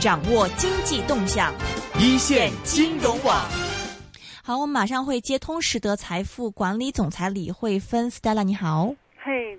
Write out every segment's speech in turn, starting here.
掌握經濟動向，一線金融網。好，我們馬上會接通實德財富管理總裁李慧芬，Stella，你好。嘿、hey.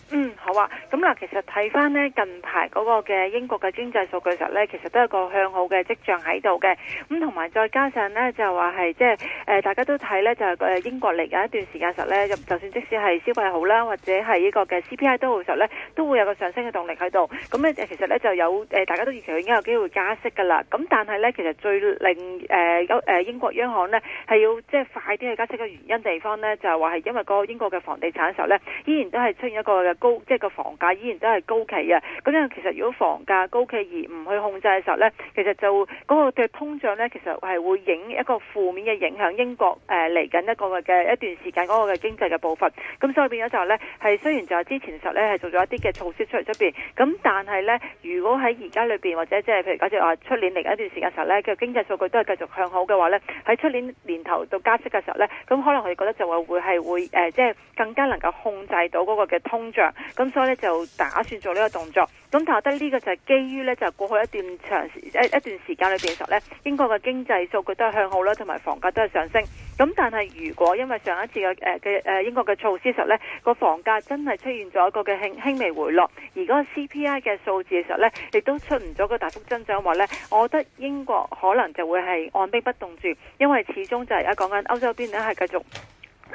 咁嗱，其實睇翻呢近排嗰個嘅英國嘅經濟數據實呢，其實都係個向好嘅跡象喺度嘅。咁同埋再加上呢，就係話係即係大家都睇呢，就英國嚟緊一段時間實呢，就算即使係消費好啦，或者係呢個嘅 CPI 都好實呢，都會有個上升嘅動力喺度。咁其實呢，就有大家都預期已經有機會加息噶啦。咁但係呢，其實最令誒英國央行呢係要即係快啲去加息嘅原因地方呢，就係話係因為個英國嘅房地產實呢，依然都係出現一個嘅高即、就係個房價依然都係高企啊。咁樣，其實如果房價高企而唔去控制嘅時候咧，其實就嗰個嘅通脹咧，其實係會影一個負面嘅影響英國誒嚟緊一個嘅一段時間嗰個嘅經濟嘅部分。咁所以變咗就係咧，係雖然就係之前嘅時候咧係做咗一啲嘅措施出嚟，出邊，咁但係咧，如果喺而家裏邊或者即係譬如假設話出年嚟緊一段時間時候咧嘅經濟數據都係繼續向好嘅話咧，喺出年年頭到加息嘅時候咧，咁可能佢哋覺得就話會係會誒即係更加能夠控制到嗰個嘅通脹咁。所以咧就打算做呢個動作，咁我覺得呢個就係基於呢，就係、過去一段長時一一段時間裏邊嘅時候呢，英國嘅經濟數據都係向好啦，同埋房價都係上升。咁但係如果因為上一次嘅誒嘅誒英國嘅措施嘅時候呢，個房價真係出現咗一個嘅輕輕微回落，而嗰個 CPI 嘅數字嘅時候呢，亦都出唔咗個大幅增長嘅話呢，我覺得英國可能就會係按兵不動住，因為始終就係而家講緊歐洲邊呢，係繼續。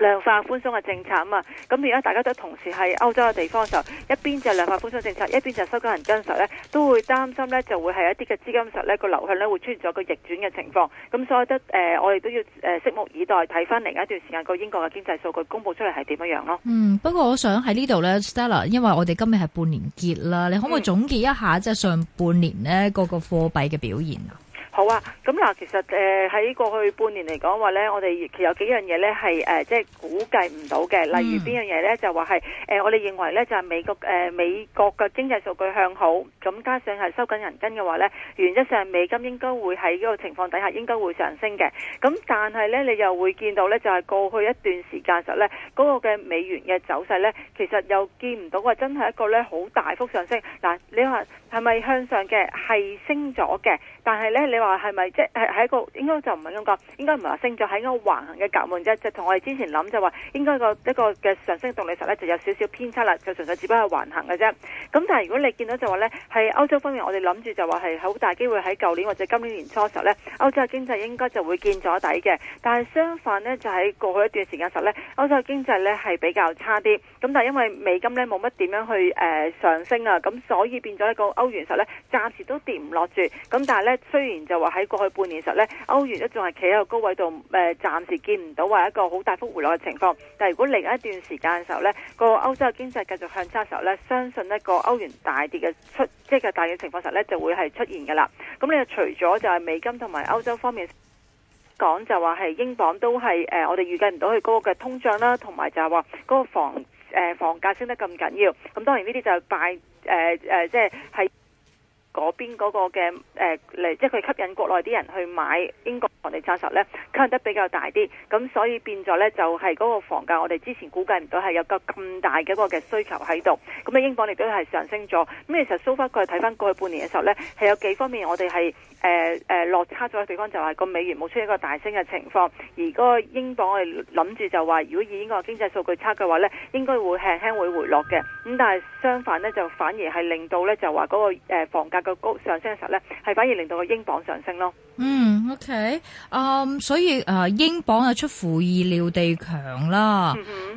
量化寬鬆嘅政策啊嘛，咁而家大家都同時喺歐洲嘅地方嘅時候，一邊就量化寬鬆政策，一邊就收緊銀根時咧，都會擔心咧就會係一啲嘅資金實咧個流向咧會出現咗個逆轉嘅情況，咁所以得誒，我哋都要誒拭目以待，睇翻嚟一段時間個英國嘅經濟數據公布出嚟係點樣樣咯。嗯，不過我想喺呢度咧，Stella，因為我哋今日係半年結啦，你可唔可以總結一下即係上半年咧嗰個貨幣嘅表現啊？好啊，咁嗱，其實誒喺、呃、過去半年嚟講話咧，我哋其實有幾樣嘢咧係誒即係估計唔到嘅，例如邊樣嘢咧就話係誒我哋認為咧就係、是、美國誒、呃、美國嘅經濟數據向好，咁加上係收緊銀根嘅話咧，原則上美金應該會喺呢個情況底下應該會上升嘅。咁但係咧你又會見到咧就係、是、過去一段時間實咧嗰個嘅美元嘅走勢咧，其實又見唔到話真係一個咧好大幅上升。嗱、呃，你話係咪向上嘅？係升咗嘅，但係咧你話。話、啊、咪即係喺一個應該就唔係咁講，應該唔係話升咗，喺、就是、一個橫行嘅隔門啫。就同我哋之前諗就話，應該個一個嘅上升動力實咧就有少少偏差啦，就純粹只不過係橫行嘅啫。咁但係如果你見到就話呢喺歐洲方面，我哋諗住就話係好大機會喺舊年或者今年年初時候呢，歐洲嘅經濟應該就會見咗底嘅。但係相反呢，就喺過去一段時間實呢，歐洲嘅經濟呢係比較差啲。咁但係因為美金呢冇乜點樣去誒、呃、上升啊，咁所以變咗一個歐元實呢，暫時都跌唔落住。咁但係呢，雖然就話、就、喺、是、過去半年時候呢，歐元都仲係企喺個高位度，誒，暫時見唔到話一個好大幅回落嘅情況。但係如果另一段時間嘅時候呢，個歐洲經濟繼續向差嘅時候呢，相信呢個歐元大跌嘅出即係、就是、大跌嘅情況實呢就會係出現噶啦。咁你除咗就係美金同埋歐洲方面講、呃呃，就話係英鎊都係誒，我哋預計唔到佢嗰個嘅通脹啦，同埋就係話嗰個房誒房價升得咁緊要。咁當然呢啲就係拜誒誒，即係係。嗰邊嗰個嘅嚟、呃，即係佢吸引國內啲人去買英國房地產時候咧，吸引得比較大啲，咁所以變咗咧就係、是、嗰個房價，我哋之前估計唔到係有夠咁大嘅個嘅需求喺度，咁咧英鎊亦都係上升咗。咁其實 so far 過去睇翻過去半年嘅時候咧，係有幾方面我哋係、呃呃、落差咗嘅地方，就係個美元冇出一個大升嘅情況，而個英鎊我哋諗住就話，如果以英國經濟數據差嘅話咧，應該會輕輕會回落嘅。咁但係相反咧，就反而係令到咧就話嗰個房價。個高上升嘅時候咧，係反而令到個英鎊上升咯。嗯，OK，嗯，okay um, 所以誒，uh, 英鎊啊出乎意料地強啦。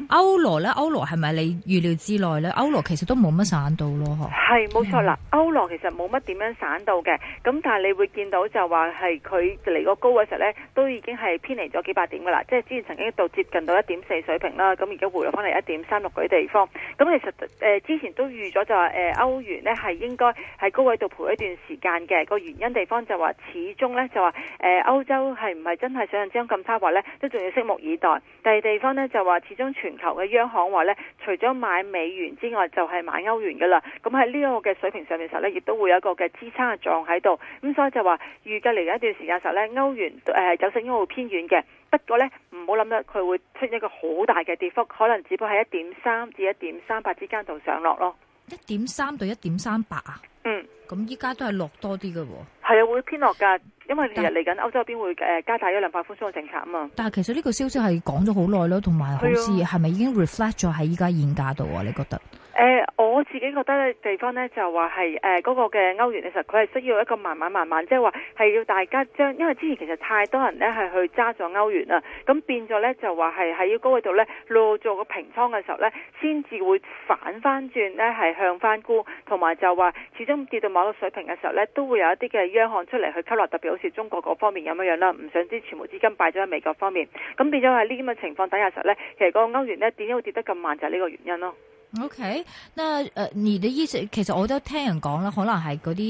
歐羅咧，歐羅係咪你預料之內咧？歐羅其實都冇乜散到咯，嗬？係，冇錯啦。歐、嗯、羅其實冇乜點樣散到嘅。咁但係你會見到就話係佢嚟個高位嘅時候咧，都已經係偏離咗幾百點噶啦。即、就、係、是、之前曾經一度接近到一點四水平啦，咁而家回落翻嚟一點三六嗰啲地方。咁其實誒、呃、之前都預咗就話誒歐元咧係應該喺高位度陪一段時間嘅。個原因地方就話始終咧。就話誒，歐洲係唔係真係想像之中咁差話呢？都仲要拭目以待。第二地方呢，就話，始終全球嘅央行話呢，除咗買美元之外，就係買歐元噶啦。咁喺呢個嘅水平上面時候咧，亦都會有一個嘅支撐嘅狀喺度。咁所以就話，預計嚟緊一段時間時候咧，歐元誒走勢應該會偏軟嘅。不過呢，唔好諗得佢會出現一個好大嘅跌幅，可能只不過係一點三至一點三八之間度上落咯。一點三到一點三八啊，嗯，咁依家都係落多啲嘅喎。係啊，會偏落噶，因為日嚟緊歐洲嗰邊會誒加大一兩百分之嘅政策啊嘛，但係其實呢個消息係講咗好耐咯，同埋好似係咪已經 reflect 咗喺依家現價度啊？你覺得？嗯誒、呃、我自己覺得咧，地方咧就話係誒嗰個嘅歐元嘅時候，佢係需要一個慢慢慢慢，即係話係要大家將，因為之前其實太多人咧係去揸咗歐元啦，咁變咗咧就話係喺高嗰度咧落做個平倉嘅時候咧，先至會反翻轉咧係向翻沽，同埋就話始終跌到某一個水平嘅時候咧，都會有一啲嘅央行出嚟去吸納，特別好似中國嗰方面咁樣啦，唔想啲全部資金擺咗喺美國方面，咁變咗喺呢咁嘅情況底下，時候咧其實個歐元咧點解會跌得咁慢，就係呢個原因咯。O、okay, K，那誒而你嘅意思其實我都聽人講啦，可能係嗰啲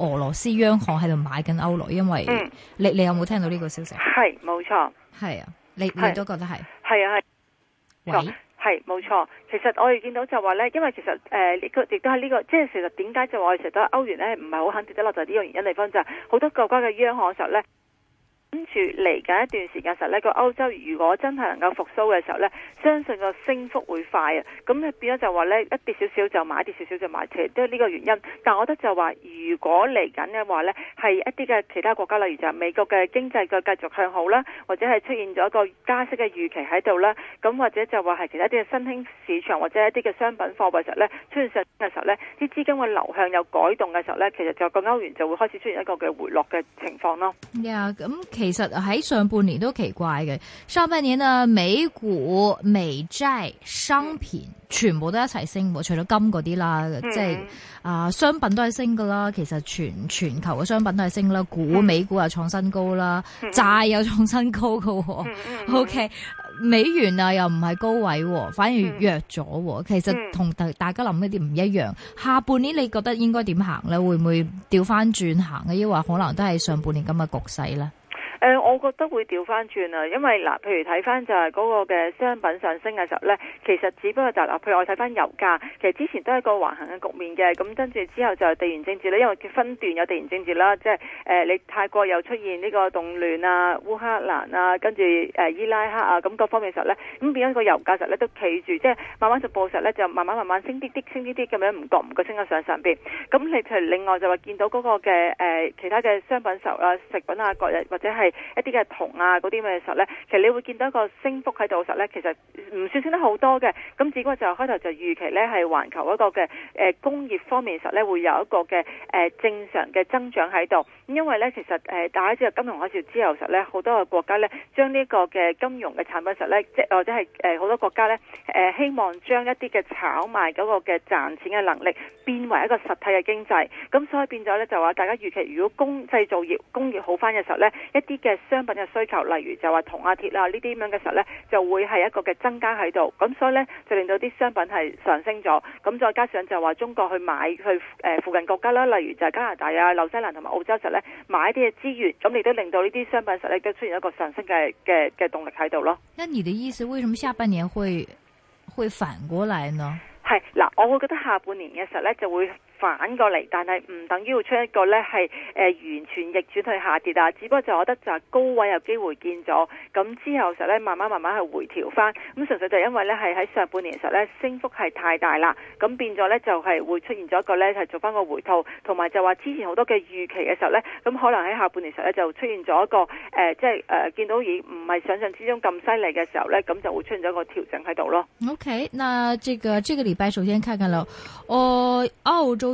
俄羅斯央行喺度買緊歐羅，因為、嗯、你你有冇聽到呢個消息？係冇錯，係啊，你你都覺得係？係啊係，係冇錯。其實我哋見到就話咧，因為其實誒呢個亦都係呢、呢個，即係其實點解就話成日都歐元咧唔係好肯跌得落，就係呢個原因地方咋？好多國家嘅央行時候咧。跟住嚟緊一段時間時候呢，個歐洲如果真係能夠復甦嘅時候呢，相信個升幅會快啊！咁咧變咗就話呢，一跌少少就買，跌少少就買，其實都係呢個原因。但我覺得就話，如果嚟緊嘅話呢，係一啲嘅其他國家，例如就係美國嘅經濟嘅繼續向好啦，或者係出現咗一個加息嘅預期喺度啦，咁或者就話係其他啲嘅新興市場或者一啲嘅商品貨幣時候呢，出現上嘅時候咧，啲資金嘅流向有改動嘅時候咧，其實就個歐元就會開始出現一個嘅回落嘅情況咯。咁、yeah, that- 其實喺上半年都奇怪嘅。上半年啊，美股、美債、商品、嗯、全部都一齊升，除咗金嗰啲啦，嗯、即係啊、呃，商品都係升噶啦。其實全全球嘅商品都係升啦，股、嗯、美股又創新高啦，債、嗯、又創新高噶。嗯、o、okay, K. 美元啊，又唔係高位，反而弱咗、嗯。其實同大大家諗一啲唔一樣。下半年你覺得應該點行咧？會唔會調翻轉行嘅？抑或可能都係上半年咁嘅局勢咧。誒、呃，我覺得會調翻轉啊，因為嗱、呃，譬如睇翻就係嗰個嘅商品上升嘅時候咧，其實只不過就嗱、是，譬如我睇翻油價，其實之前都係一個橫行嘅局面嘅，咁跟住之後就係地緣政治啦，因為佢分段有地緣政治啦，即係誒、呃，你泰國又出現呢個動亂啊，烏克蘭啊，跟住誒伊拉克啊，咁各方面時候咧，咁變咗個油價實咧都企住，即係慢慢就破實咧，就慢慢慢慢升啲啲，升啲啲咁樣，唔覺唔覺升咗上上邊。咁你譬如另外就話見到嗰個嘅、呃、其他嘅商品時候啊，食品啊各樣或者係。一啲嘅銅啊，嗰啲嘅時候咧，其實你會見到一個升幅喺度實咧，其實唔算升得好多嘅。咁只不過就開頭就預期咧，係環球一個嘅工業方面實咧，會有一個嘅正常嘅增長喺度。因為咧，其實誒大家知道金融海嘯之後實咧，好多嘅國家咧，將呢個嘅金融嘅產品實咧，即係或者係好多國家咧，希望將一啲嘅炒賣嗰個嘅賺錢嘅能力，變為一個實體嘅經濟。咁所以變咗咧，就話大家預期，如果工製造業工業好翻嘅時候咧，一啲嘅商品嘅需求，例如就話銅啊、鐵、鐵啦呢啲咁樣嘅時候咧，就會係一個嘅增加喺度，咁所以咧就令到啲商品係上升咗，咁再加上就話中國去買去、誒、呃、附近國家啦，例如就係加拿大啊、紐西蘭同埋澳洲實咧買一啲嘅資源，咁亦都令到呢啲商品實力都出現一個上升嘅嘅嘅動力喺度咯。那你的意思，為什麼下半年會會反過來呢？係嗱，我會覺得下半年嘅時候咧就會。反過嚟，但係唔等於要出一個呢係誒、呃、完全逆轉去下跌啊！只不過就我覺得就係高位有機會見咗，咁之後時候呢慢慢慢慢係回調返，咁純粹就因為呢係喺上半年時候呢升幅係太大啦，咁變咗呢就係、是、會出現咗一個呢係做返個回吐，同埋就話之前好多嘅預期嘅時候呢，咁可能喺下半年時候呢就出現咗一個誒即係誒見到已唔係想像之中咁犀利嘅時候呢，咁就會出現咗一個調整喺度咯。OK，嗱，呢個呢個禮拜首先看看咯、呃，澳澳洲。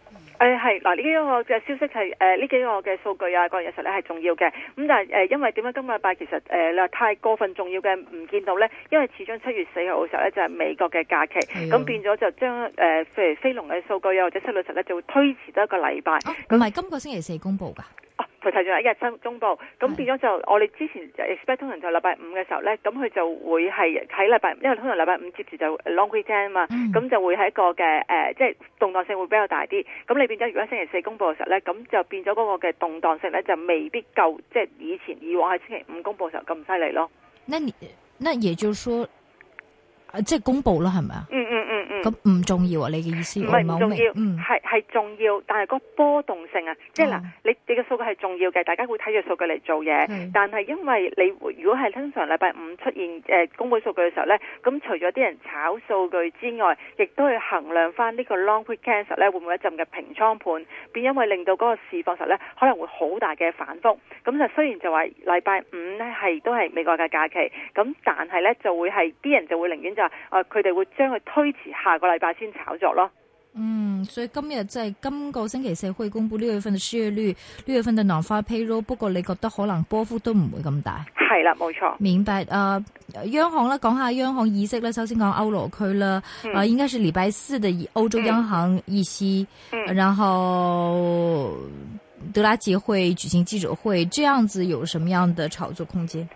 誒、哎，係嗱，呢幾個嘅消息係誒呢幾個嘅數據啊，個事實咧係重要嘅。咁但係誒，因為點解今個禮拜其實誒，你、呃、話太過分重要嘅唔見到咧？因為始終七月四號嘅時候咧，就係、是、美國嘅假期，咁變咗就將誒，譬、呃、如非農嘅數據啊，或者失業率咧，就會推遲多一個禮拜，唔、啊、係今個星期四公布噶。就提咗一日新公布，咁變咗就我哋之前 expect 通常就禮拜五嘅時候咧，咁佢就會係喺禮拜五，因為通常禮拜五接住就 long weekend 嘛，咁就會喺一個嘅誒、呃，即係動盪性會比較大啲。咁你變咗如果星期四公佈嘅時候咧，咁就變咗嗰個嘅動盪性咧就未必夠，即係以前以往喺星期五公佈嘅時候咁犀利咯。那你那也就係說？啊、即係公布咯，係咪啊？嗯嗯嗯嗯。咁、嗯、唔重要啊？你嘅意思唔係唔重要，嗯係係重要，但係嗰波動性啊，即係嗱，你你嘅數據係重要嘅，大家會睇住數據嚟做嘢、嗯。但係因為你如果係通常禮拜五出現誒、呃、公布數據嘅時候咧，咁除咗啲人炒數據之外，亦都去衡量翻呢個 long weekend 咧會唔會一陣嘅平倉盤，變因為令到嗰個市況實咧可能會好大嘅反覆。咁就雖然就話禮拜五咧係都係美國嘅假期，咁但係咧就會係啲人就會寧願。啊！佢哋會將佢推遲下個禮拜先炒作咯。嗯，所以今日即係今個星期四會公布六月份的失業率、六月份的 non-farm payroll。不過你覺得可能波幅都唔會咁大。係啦，冇錯。明白。啊、呃，央行咧，講下央行議息咧。首先講歐羅區啦，啊、嗯呃，應該是禮拜四的歐洲央行議息、嗯。然後德拉吉會舉行記者會，這樣子有什麼樣的炒作空間？誒、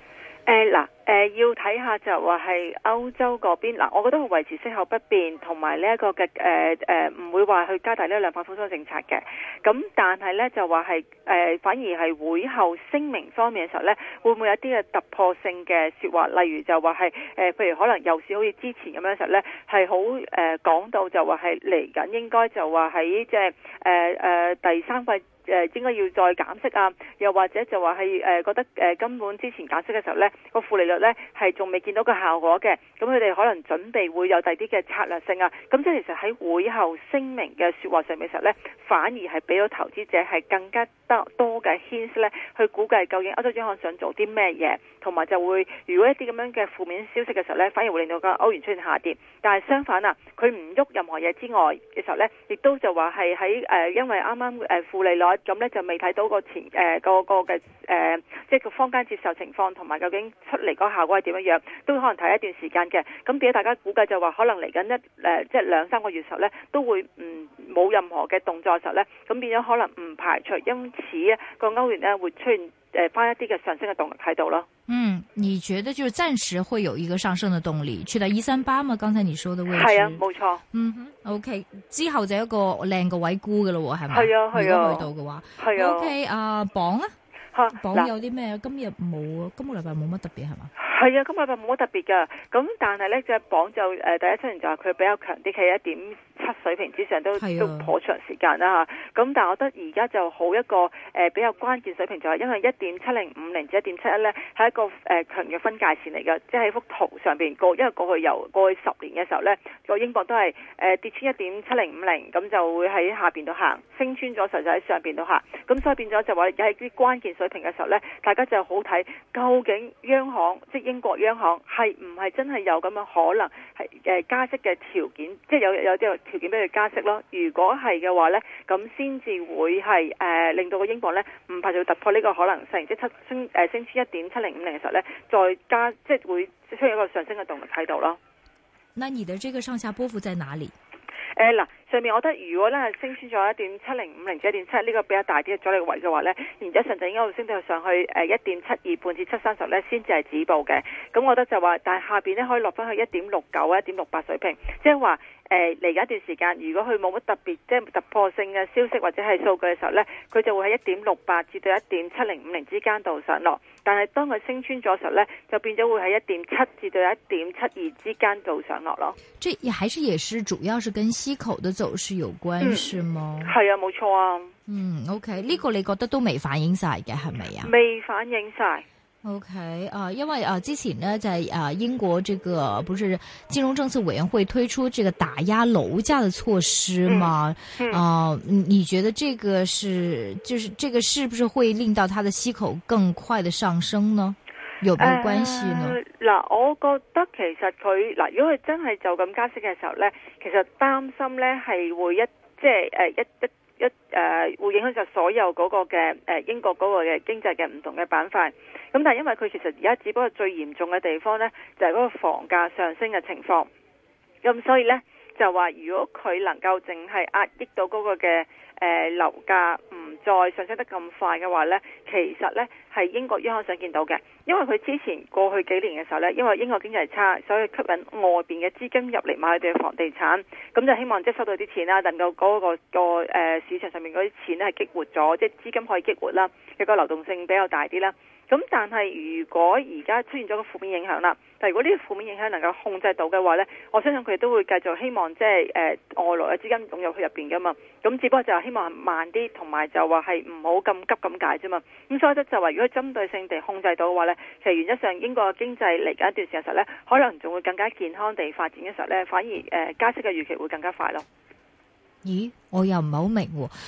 欸，嗱。誒、呃、要睇下就話係歐洲嗰邊嗱，我覺得佢維持息口不變，同埋呢一個嘅誒誒唔會話去加大呢量化寬鬆政策嘅。咁但係咧就話係誒反而係會後聲明方面嘅時候咧，會唔會有啲嘅突破性嘅説話？例如就話係誒，譬如可能又試好似之前咁樣嘅時候咧，係好誒講到就話係嚟緊應該就話喺即係誒誒第三季。誒應該要再減息啊，又或者就話係誒覺得誒根本之前減息嘅時候呢個負利率呢係仲未見到個效果嘅，咁佢哋可能準備會有第二啲嘅策略性啊，咁即係其實喺會後聲明嘅説話上面嘅時候呢，反而係俾到投資者係更加得多嘅牽涉呢，去估計究竟歐洲央行想做啲咩嘢，同埋就會如果一啲咁樣嘅負面消息嘅時候呢，反而會令到個歐元出現下跌。但係相反啊，佢唔喐任何嘢之外嘅時候呢，亦都就話係喺誒因為啱啱誒負利率。咁咧就未睇到個前誒個嘅誒，即係個坊間接受情況同埋究竟出嚟個效果係點樣樣，都可能睇一段時間嘅。咁變咗大家估計就話，可能嚟緊一、呃、即係兩三個月時候咧，都會唔冇任何嘅動作時候咧，咁變咗可能唔排除因此咧個歐元咧會出現。誒，翻一啲嘅上升嘅動力態度咯。嗯，你覺得就暫時會有一個上升嘅動力去到一三八嘛，剛才你說的位置係啊？冇錯。嗯哼，OK，哼之後就一個靚個位估嘅咯，係咪？係啊，係啊。去到嘅話，OK，係啊啊，磅、OK，呃、啊。有啲咩啊？今日冇啊，今個禮拜冇乜特別係嘛？係啊，今個禮拜冇乜特別噶。咁但係咧，隻鎊就、呃、第一七年就係佢比較強啲，企喺一點七水平之上都、啊、都頗長時間啦、啊、咁、啊、但係我覺得而家就好一個誒、呃、比較關鍵水平就係因為一點七零五零至一點七一咧，喺一個、呃、強嘅分界線嚟嘅，即、就、係、是、幅圖上面過，因為過去由過去十年嘅時候咧，個英鎊都係、呃、跌穿一點七零五零，咁就會喺下面度行，升穿咗時就喺上面度行。咁所以變咗就話喺啲關鍵水平嘅時候咧，大家就好睇，究竟央行即係英國央行係唔係真係有咁樣可能係誒加息嘅條件，即係有有啲條件俾佢加息咯。如果係嘅話咧，咁先至會係誒令到個英鎊咧唔排除突破呢個可能性，即係七升誒升穿一點七零五零嘅時候咧，再加即係會出現一個上升嘅動力喺度咯。那你的這個上下波幅在哪裏？誒，嗱，上面我覺得如果咧升穿咗一點七零五零至一點七，呢個比較大啲嘅阻力位嘅話咧，然之後上陣應該會升到上去誒一點七二半至七三十咧，先至係止步嘅。咁我覺得就話，但係下邊咧可以落翻去一點六九、一點六八水平，即係話。誒、呃，嚟緊一段時間，如果佢冇乜特別即係突破性嘅消息或者係數據嘅時候咧，佢就會喺一點六八至到一點七零五零之間度上落。但係當佢升穿咗時候，咧，就變咗會喺一點七至到一點七二之間度上落咯。這還是也是，主要是跟息口的走勢有關，嗯、是嗎？係啊，冇錯啊。嗯，OK，呢個你覺得都未反映晒嘅係咪啊？未反映晒。O、okay, K，啊，因為啊，之前呢，在啊英國這個不是金融政策委員會推出這個打壓樓價的措施嘛、嗯嗯，啊，你覺得這個是，就是這個是不是會令到它的息口更快的上升呢？有冇有關係呢？嗱、呃呃，我覺得其實佢嗱、呃，如果佢真係就咁加息嘅時候咧，其實擔心咧係會一即係誒、呃、一。一誒、呃、會影響就所有嗰個嘅誒、呃、英國嗰個嘅經濟嘅唔同嘅板塊，咁但係因為佢其實而家只不過最嚴重嘅地方呢，就係、是、嗰個房價上升嘅情況，咁所以呢，就話如果佢能夠淨係壓抑到嗰個嘅誒、呃、樓價唔再上升得咁快嘅話呢，其實呢，係英國央行想見到嘅，因為佢之前過去幾年嘅時候呢，因為英國經濟差，所以吸引外邊嘅資金入嚟買佢哋嘅房地產，咁就希望即係收到啲錢啦，能夠嗰、嗰個、嗰個、呃、市場上面嗰啲錢咧係激活咗，即係資金可以激活啦，佢個流動性比較大啲啦。咁但係如果而家出現咗個負面影響啦，但係如果呢個負面影響能夠控制到嘅話呢，我相信佢哋都會繼續希望即係誒外來嘅資金湧入去入面㗎嘛。咁只不過就希望慢啲，同埋就話係唔好咁急咁解啫嘛。咁所以呢，就話，如果針對性地控制到嘅話呢，其實原則上英國經濟嚟緊一段時間時候呢，可能仲會更加健康地發展嘅時候呢，反而誒、呃、加息嘅預期會更加快咯。咦，我又唔係好明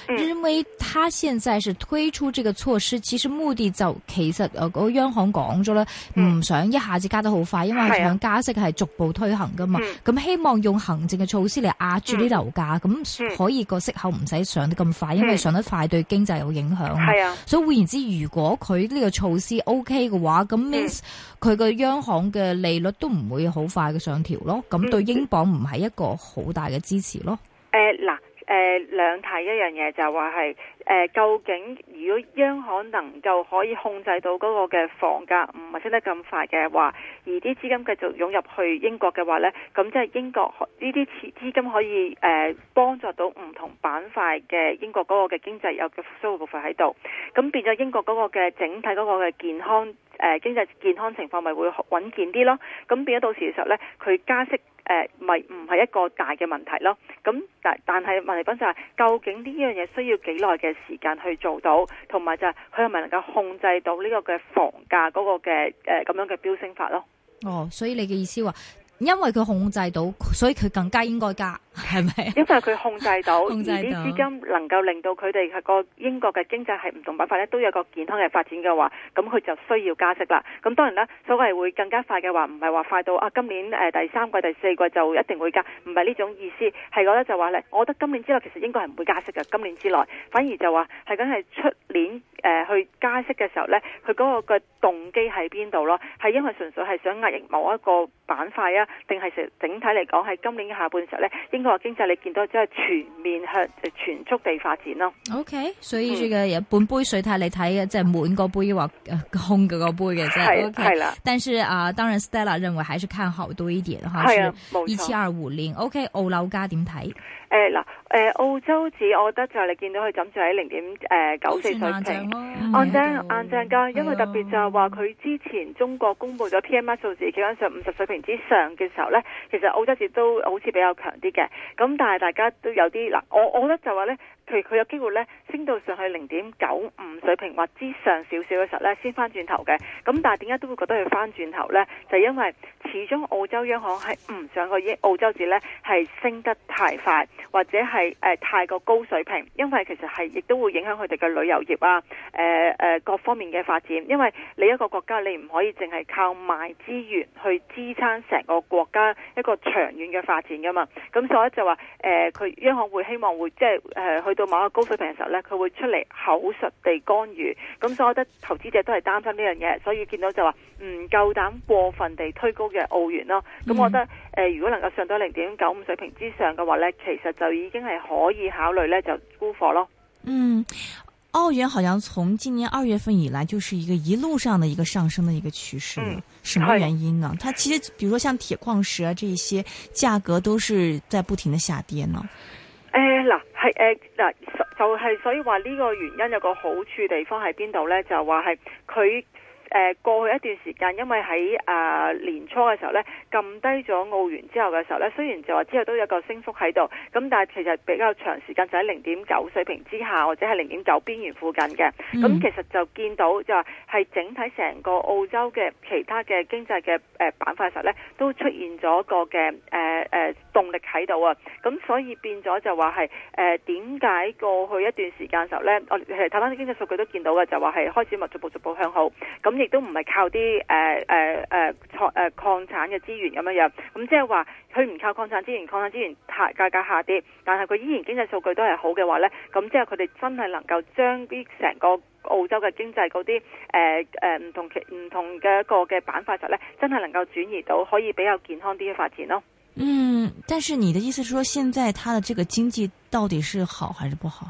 喎，因為他現在是推出這個措施，其實目的就其實誒，呃，那個央行講咗啦，唔、嗯、想一下子加得好快，因為他想加息係逐步推行噶嘛，咁、嗯、希望用行政嘅措施嚟壓住啲樓價，咁、嗯、可以個息口唔使上得咁快、嗯，因為上得快對經濟有影響。係、嗯、啊，所以換言之，如果佢呢個措施 OK 嘅話，咁 means 佢個央行嘅利率都唔會好快嘅上調咯，咁、嗯、對英鎊唔係一個好大嘅支持咯。誒、呃，嗱。誒兩提一樣嘢就係話係誒究竟如果央行能夠可以控制到嗰個嘅房價唔係升得咁快嘅話，而啲資金繼續湧入去英國嘅話呢？咁即係英國呢啲資金可以誒幫助到唔同板塊嘅英國嗰個嘅經濟有嘅復甦嘅部分喺度，咁變咗英國嗰個嘅整體嗰個嘅健康誒經濟健康情況咪會穩健啲咯？咁變咗到時時候呢，佢加息。誒咪唔係一個大嘅問題咯，咁但但係問題本身就係究竟呢樣嘢需要幾耐嘅時間去做到，同埋就係佢係咪能夠控制到呢個嘅房價嗰個嘅誒咁樣嘅飆升法咯？哦，所以你嘅意思話？因為佢控制到，所以佢更加應該加，係咪？因為佢控制到呢啲 資金，能夠令到佢哋個英國嘅經濟係唔同板塊咧都有個健康嘅發展嘅話，咁佢就需要加息啦。咁當然啦，所謂會更加快嘅話，唔係話快到啊，今年誒第三季、第四季就一定會加，唔係呢種意思。係覺得就話咧，我覺得今年之內其實應該係唔會加息嘅。今年之內，反而就話係梗係出年誒、呃、去加息嘅時候咧，佢嗰個嘅動機喺邊度咯？係因為純粹係想壓抑某一個板塊啊？定係整體嚟講，喺今年嘅下半時咧，應該話經濟你見到即係全面向全速地發展咯。OK，所以呢個半杯水睇你睇嘅即係滿個杯或空嘅個杯嘅，啫。係啦，okay。但是啊，呃，當然 Stella 認為還是看好多一點哈。係啊，冇錯。二千二五年，OK，澳樓價點睇？誒、呃，嗱，誒，澳洲紙我覺得就係你見到佢枕住喺零點誒九四水平，硬正硬，啊，正噶，因為特別就係話佢之前中國公布咗 PMI 數字基本上五十水平之上嘅時候咧，其實澳洲紙都好似比較強啲嘅，咁但係大家都有啲，嗱，呃，我我覺得就話咧。佢佢有機會咧升到上去零點九五水平或之上少少嘅時候咧，先翻轉頭嘅。咁但係點解都會覺得佢翻轉頭呢？就因為始終澳洲央行係唔想個澳澳洲紙咧係升得太快，或者係、呃、太過高水平，因為其實係亦都會影響佢哋嘅旅遊業啊、呃呃，各方面嘅發展。因為你一個國家你唔可以淨係靠賣資源去支撐成個國家一個長遠嘅發展噶嘛。咁所以就話，誒、呃，佢央行會希望會即係去。呃到某一個高水平嘅時候咧，佢會出嚟口實地干預，咁所以我覺得投資者都係擔心呢樣嘢，所以見到就話唔夠膽過分地推高嘅澳元咯。咁我覺得，誒、呃、如果能夠上到零點九五水平之上嘅話咧，其實就已經係可以考慮咧就沽貨咯。嗯，澳元好像從今年二月份以來就是一個一路上嘅一個上升嘅一個趨勢、啊嗯，什麼原因呢？啊哎？它其實，比如說像鐵礦石啊，這一些價格都是在不停地下跌呢。誒、欸、嗱，就係、是、所以話呢個原因有個好處，地方喺邊度咧？就係話係佢。誒、過去一段時間，因為喺啊、呃、年初嘅時候咧，撳低咗澳元之後嘅時候咧，雖然就話之後都有個升幅喺度，咁但係其實比較長時間就喺零點九水平之下，或者係零點九邊緣附近嘅。咁其實就見到就係、是、整體成個澳洲嘅其他嘅經濟嘅板、呃、塊時候咧，都出現咗個嘅誒誒動力喺度啊！咁所以變咗就話係誒點解過去一段時間嘅時候咧，我係睇翻啲經濟數據都見到嘅，就話係開始逐步逐步逐步向好咁。亦都唔係靠啲誒誒誒礦誒礦產嘅資源咁樣樣，咁、嗯、即係話佢唔靠礦產資源，礦產資源下價格下，下跌，但係佢依然經濟數據都係好嘅話咧，咁、嗯、即係佢哋真係能夠將啲成個澳洲嘅經濟嗰啲誒誒唔同唔同嘅一個嘅板塊實咧，真係能夠轉移到可以比較健康啲嘅發展咯。嗯，但是你的意思是說，現在它的這個經濟到底是好還是不好？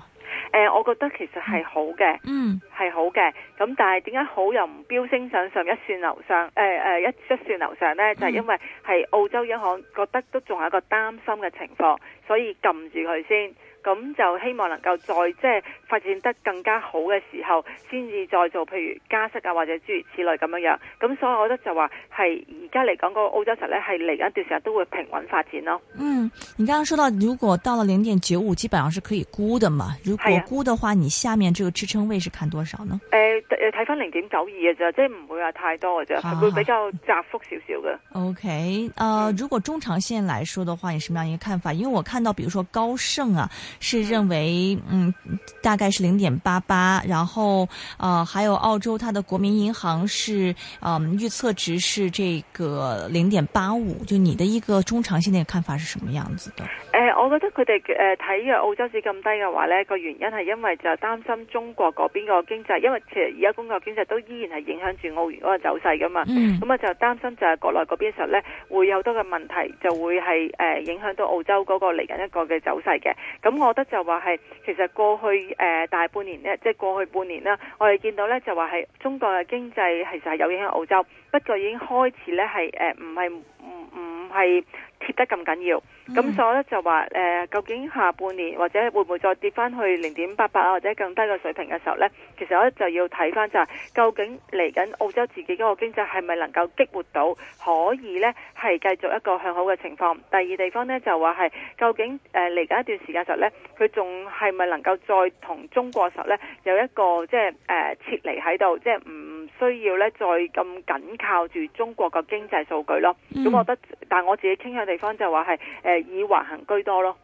誒、呃，我覺得其實係好嘅，係、嗯、好嘅。咁但係點解好又唔飆升上上一線樓上？誒、呃、誒、呃，一一線樓上咧，就係、因為係澳洲央行覺得都仲係一個擔心嘅情況，所以撳住佢先。咁就希望能夠再即係發展得更加好嘅時候，先至再做譬如加息啊，或者諸如此類咁樣樣。咁所以我覺得就話係而家嚟講個澳洲實咧，係嚟緊一段時間都會平穩發展咯。嗯，你剛剛說到如果到了零點九五，基本上是可以沽的嘛？如果沽的話，啊，你下面這個支撐位是看多少呢？呃誒，睇翻零點九二嘅咋，即係唔會話太多嘅啫，係會比較窄幅少少嘅。OK，啊，如果中長線來說嘅話，你什麼樣一個看法？因為我看到，比如說高盛啊，是認為，嗯，嗯大概是零點八八，然後，啊、呃，還有澳洲，它的國民銀行是，嗯、呃，預測值是這個零點八五。就你的一個中長線嘅看法是什麼樣子的？誒、呃，我覺得佢哋誒睇嘅澳洲市咁低嘅話咧，個原因係因為就擔心中國嗰邊個經濟，因為其實。而家工業經濟都依然係影響住澳元嗰個走勢噶嘛，咁啊就擔心就係國內嗰邊嘅時候咧，會有多嘅問題，就會係誒、呃、影響到澳洲嗰個嚟緊一個嘅走勢嘅。咁我覺得就話係其實過去、呃、大半年呢，即係過去半年啦，我哋見到咧就話係中國嘅經濟其實係有影響澳洲，不過已經開始咧係唔係唔唔。呃係貼得咁緊要，咁所以我咧就話、呃、究竟下半年或者會唔會再跌翻去零點八八啊，或者更低嘅水平嘅時候呢？其實我就要睇翻就係、是、究竟嚟緊澳洲自己嗰個經濟係咪能夠激活到，可以呢係繼續一個向好嘅情況。第二地方呢，就話係究竟嚟緊、呃、一段時間時候呢，佢仲係咪能夠再同中國時候呢有一個即係誒撤離喺度，即係唔需要呢再咁緊靠住中國嘅經濟數據咯。咁我覺得，但。我自己傾向地方就話係誒以橫行居多咯。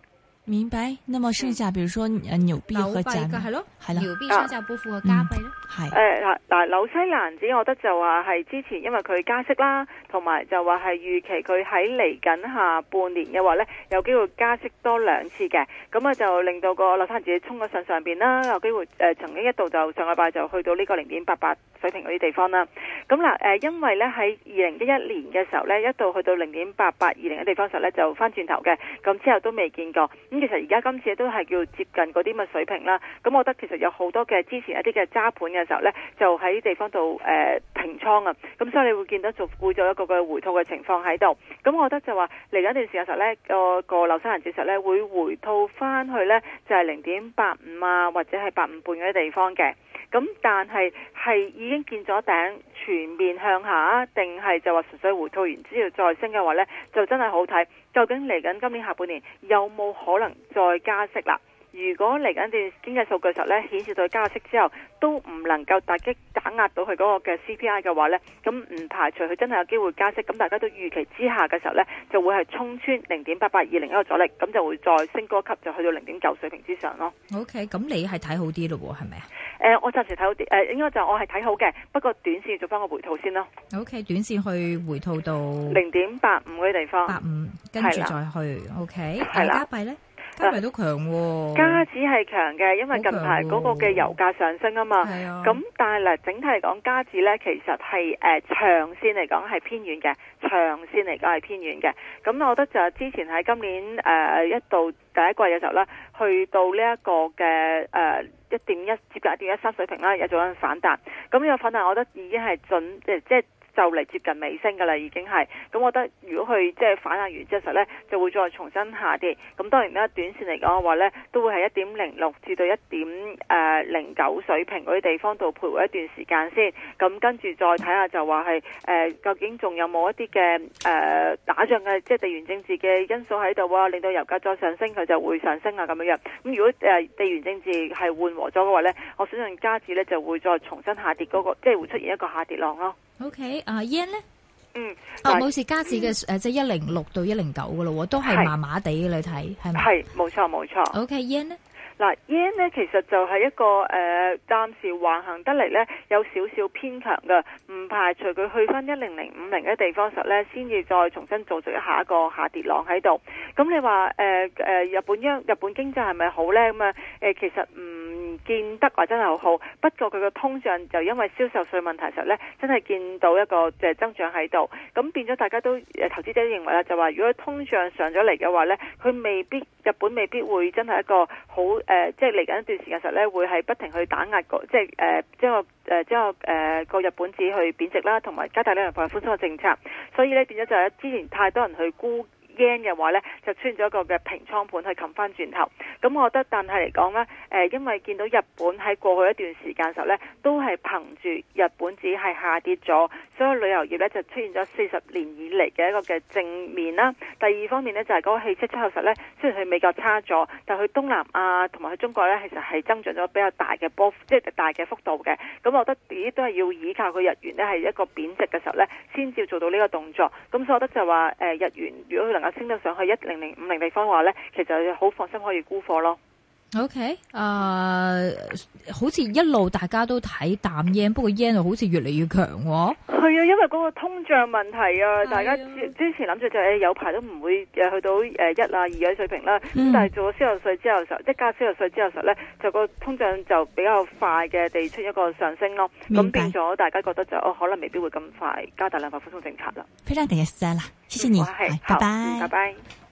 明白，那麼剩下，比如說，呃、嗯，紐幣和加幣係咯，好了，紐幣上下不符合加幣咯，係誒，嗱、嗯，嗱、嗯呃，紐西蘭紙我覺得就話係之前因為佢加息啦，同埋就話係預期佢喺嚟緊下半年嘅話咧，有機會加息多兩次嘅，咁啊就令到個紐西蘭紙衝咗上上邊啦，有機會誒、呃，曾經一度就上個禮拜就去到呢個零點八八水平嗰啲地方啦，咁嗱，誒、呃，因為咧喺二零一一年嘅時候咧，一度去到零點八八二零一地方時候咧就翻轉頭嘅，咁之後都未見過。咁其實而家今次都係叫接近嗰啲乜水平啦，咁我覺得其實有好多嘅之前一啲嘅揸盤嘅時候呢，就喺地方度誒平倉啊，咁、呃、所以你會見到就會做一個嘅回吐嘅情況喺度。咁我覺得就話嚟緊一段時間時候呢，嗰個、嗰個劉生賢指實呢會回吐翻去呢，就係零點八五啊，或者係八五半嗰啲地方嘅。咁但係係已經見咗頂，全面向下啊，定係就話純粹回吐完之後再升嘅話呢，就真係好睇。究竟嚟緊今年下半年有冇可能再加息啦？如果嚟緊段經濟數據嘅時候咧，顯示到加息之後，都唔能夠打擊打壓到佢嗰個嘅 CPI 嘅話咧，咁唔排除佢真係有機會加息。咁大家都預期之下嘅時候咧，就會係衝穿零點八八二零一個阻力，咁就會再升高一級，就去到零點九水平之上咯。O K，咁你係睇好啲咯，係咪啊？誒、呃，我暫時睇好啲，誒、呃，應該就是我係睇好嘅，不過短線做翻個回吐先咯。O、okay, K，短線去回吐到零點八五嘅地方，八五跟住再去。O K，係啦，加幣、okay, 咧。加都強喎，加指係強嘅，因為近排嗰個嘅油價上升啊嘛，咁、哦啊、但係嚟整體嚟講，加指咧其實係誒長線嚟講係偏遠嘅，長線嚟講係偏遠嘅。咁我覺得就之前喺今年誒、呃、一度第一季嘅時候咧，去到呢一個嘅誒一點一接近一點一三水平啦，有咗反彈，咁呢個反彈，我覺得已經係準，即即係就嚟接近尾聲噶啦，已經係咁，我覺得如果佢即係反彈完之後呢，就會再重新下跌。咁當然啦，短線嚟講嘅話呢，都會係一點零六至到一點零九水平嗰啲地方度徘徊一段時間先。咁跟住再睇下就、呃有有呃，就話係誒究竟仲有冇一啲嘅誒打仗嘅即係地緣政治嘅因素喺度喎，令到油價再上升，佢就會上升啊咁樣樣。咁如果誒地緣政治係緩和咗嘅話呢，我相信加指呢就會再重新下跌嗰、那個，即、就、係、是、會出現一個下跌浪咯。O K，啊 yen 呢？嗯，啊、oh，冇、嗯、事，加紙嘅誒，即係一零六到一零九嘅咯，都係麻麻地你睇，係咪？係，冇錯冇錯。O、okay, K，yen 呢？嗱 yen 呢，其實就係一個誒，暫、呃、時橫行得嚟呢，有少少偏強嘅，唔排除佢去翻一零零五零嘅地方實呢，先至再重新做足下一個下跌浪喺度。咁你話誒誒，日本央日本經濟係咪好呢？咁啊，誒、呃，其實唔。嗯見得話真係好好，不過佢個通脹就因為銷售稅問題的時候呢，真係見到一個即係增長喺度，咁變咗大家都投資者都認為啦，就話如果通脹上咗嚟嘅話呢，佢未必日本未必會真係一個好、呃、即係嚟緊一段時間實呢會係不停去打壓個即係誒將個誒將個誒個日本紙去貶值啦，同埋加大呢樣放鬆嘅政策，所以呢，變咗就係之前太多人去估。嘅 話呢，就出現咗一個嘅平倉盤去冚翻轉頭。咁我覺得，但係嚟講呢，誒，因為見到日本喺過去一段時間嘅時候呢，都係憑住日本紙係下跌咗，所以旅遊業呢就出現咗四十年以嚟嘅一個嘅正面啦。第二方面呢，就係、是、嗰個汽車出口實呢，雖然佢美國差咗，但係佢東南亞同埋佢中國呢，其實係增長咗比較大嘅波，即、就、係、是、大嘅幅度嘅。咁我覺得，亦都係要依靠佢日元呢係一個貶值嘅時候呢，先至做到呢個動作。咁所以我覺得就話誒，日元如果佢能升得上去一零零五零地方嘅話咧，其實好放心可以沽貨咯。O K，啊，好似一路大家都睇淡 yen 不過 yen 好似越嚟越強、哦。係啊，因為嗰個通脹問題啊，啊，大家之前諗住就誒、是欸、有排都唔會誒去到誒、呃、一啊二嘅水平啦。咁、嗯、但係做咗銷售稅之後實，即加銷售稅之後實咧，就個通脹就比較快嘅地出一個上升咯。咁變咗大家覺得就哦，可能未必會咁快加大量化寬鬆政策啦。非常第日晒啦，謝謝你、嗯拜拜，拜拜，拜拜。